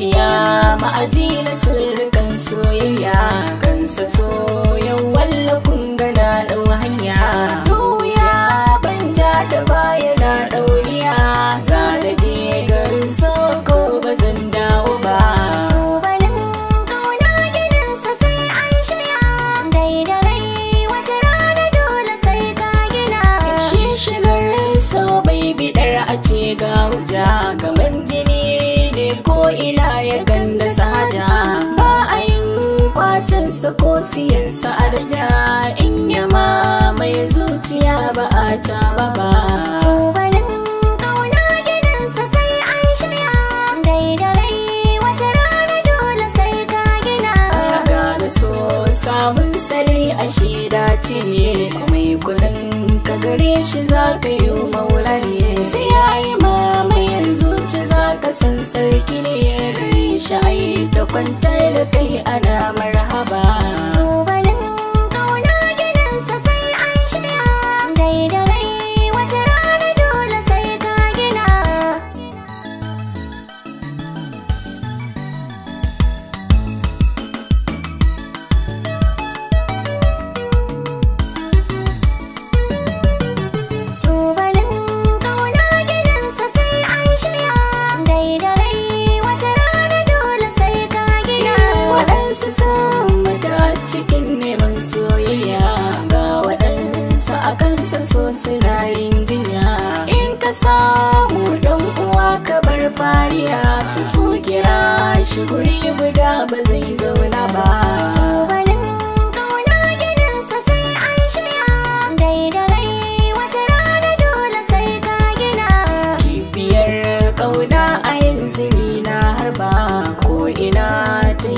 zuciya ma'aji na sirrikan soyayya kansa so walla kun ga na dau hanya ruwuya ban ja da baya na ɗauriya za da je garin so ko ba zan dawo ba tubalin ƙauna gidansa sai an shiya dai da rai wata rana dole sai ka gina shi shigar so bai biɗar a ce ga gama ina ya ganda saja ba a yin kwacin sa ko siyan sa arja in ya mai zuciya ba a taba ba sabon sare a shida ce mai kudin ka gare shi za ka yi sai ya yi mamayin zuci za ka san sarki ne shayi da kwantar da kai ana marhaba samu mata cikin neman soyayya ga waɗansa a kansa so suna yin jinya in ka samu dan uwa ka bar fariya su kira shi guri guda ba zai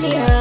Yeah.